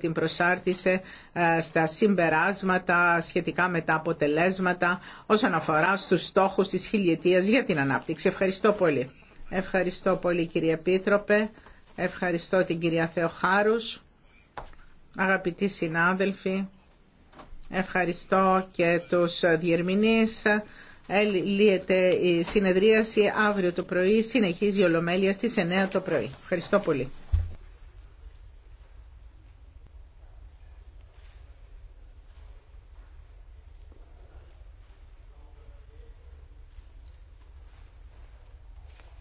την προσάρτησε ε, στα συμπεράσματα σχετικά με τα αποτελέσματα όσον αφορά στους στόχους της χιλιετίας για την ανάπτυξη. Ευχαριστώ πολύ. Ευχαριστώ πολύ κύριε Πίτροπε. Ευχαριστώ την κυρία Θεοχάρους. Αγαπητοί συνάδελφοι, ευχαριστώ και τους διερμηνείς. Λύεται η συνεδρίαση αύριο το πρωί, συνεχίζει η Ολομέλεια στις 9 το πρωί. Ευχαριστώ πολύ.